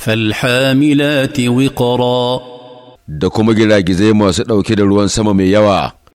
فالحاملات وقرا da kuma giragizai masu ɗauke da ruwan sama mai yawa